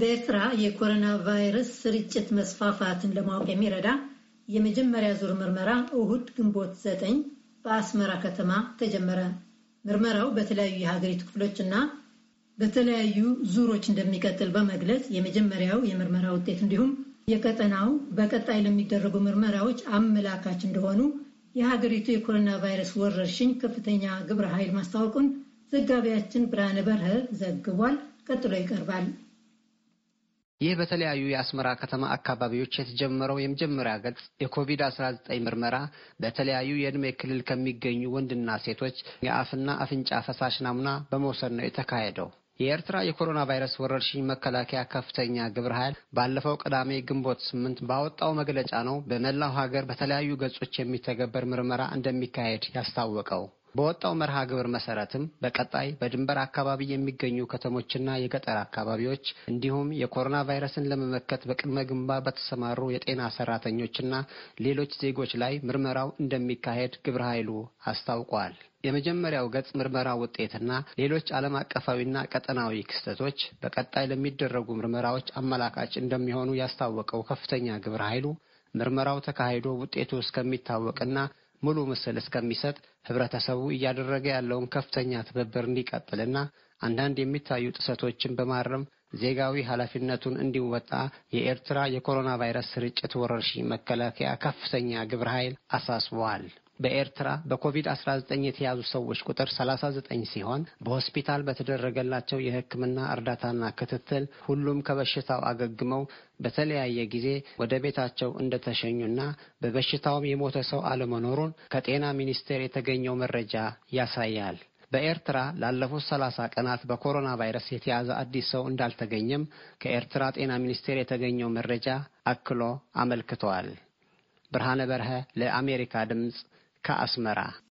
በኤርትራ የኮሮና ቫይረስ ስርጭት መስፋፋትን ለማወቅ የሚረዳ የመጀመሪያ ዙር ምርመራ እሁድ ግንቦት ዘጠኝ በአስመራ ከተማ ተጀመረ። ምርመራው በተለያዩ የሀገሪቱ ክፍሎች እና በተለያዩ ዙሮች እንደሚቀጥል በመግለጽ የመጀመሪያው የምርመራ ውጤት እንዲሁም የቀጠናው በቀጣይ ለሚደረጉ ምርመራዎች አመላካች እንደሆኑ የሀገሪቱ የኮሮና ቫይረስ ወረርሽኝ ከፍተኛ ግብረ ኃይል ማስታወቁን ዘጋቢያችን ብርሃነ በርሀ ዘግቧል። ቀጥሎ ይቀርባል። ይህ በተለያዩ የአስመራ ከተማ አካባቢዎች የተጀመረው የመጀመሪያ ገጽ የኮቪድ-19 ምርመራ በተለያዩ የዕድሜ ክልል ከሚገኙ ወንድና ሴቶች የአፍና አፍንጫ ፈሳሽ ናሙና በመውሰድ ነው የተካሄደው። የኤርትራ የኮሮና ቫይረስ ወረርሽኝ መከላከያ ከፍተኛ ግብረ ኃይል ባለፈው ቅዳሜ ግንቦት ስምንት ባወጣው መግለጫ ነው በመላው ሀገር በተለያዩ ገጾች የሚተገበር ምርመራ እንደሚካሄድ ያስታወቀው። በወጣው መርሃ ግብር መሰረትም በቀጣይ በድንበር አካባቢ የሚገኙ ከተሞችና የገጠር አካባቢዎች እንዲሁም የኮሮና ቫይረስን ለመመከት በቅድመ ግንባር በተሰማሩ የጤና ሰራተኞችና ሌሎች ዜጎች ላይ ምርመራው እንደሚካሄድ ግብረ ኃይሉ አስታውቋል። የመጀመሪያው ገጽ ምርመራ ውጤትና ሌሎች ዓለም አቀፋዊና ቀጠናዊ ክስተቶች በቀጣይ ለሚደረጉ ምርመራዎች አመላካች እንደሚሆኑ ያስታወቀው ከፍተኛ ግብረ ኃይሉ ምርመራው ተካሂዶ ውጤቱ እስከሚታወቅና ሙሉ ምስል እስከሚሰጥ ህብረተሰቡ እያደረገ ያለውን ከፍተኛ ትብብር እንዲቀጥልና አንዳንድ የሚታዩ ጥሰቶችን በማረም ዜጋዊ ኃላፊነቱን እንዲወጣ የኤርትራ የኮሮና ቫይረስ ስርጭት ወረርሽኝ መከላከያ ከፍተኛ ግብረ ኃይል አሳስበዋል። በኤርትራ በኮቪድ-19 የተያዙ ሰዎች ቁጥር 39 ሲሆን በሆስፒታል በተደረገላቸው የሕክምና እርዳታና ክትትል ሁሉም ከበሽታው አገግመው በተለያየ ጊዜ ወደ ቤታቸው እንደተሸኙና በበሽታውም የሞተ ሰው አለመኖሩን ከጤና ሚኒስቴር የተገኘው መረጃ ያሳያል። በኤርትራ ላለፉት 30 ቀናት በኮሮና ቫይረስ የተያዘ አዲስ ሰው እንዳልተገኘም ከኤርትራ ጤና ሚኒስቴር የተገኘው መረጃ አክሎ አመልክተዋል። ብርሃነ በርሀ ለአሜሪካ ድምፅ ከአስመራ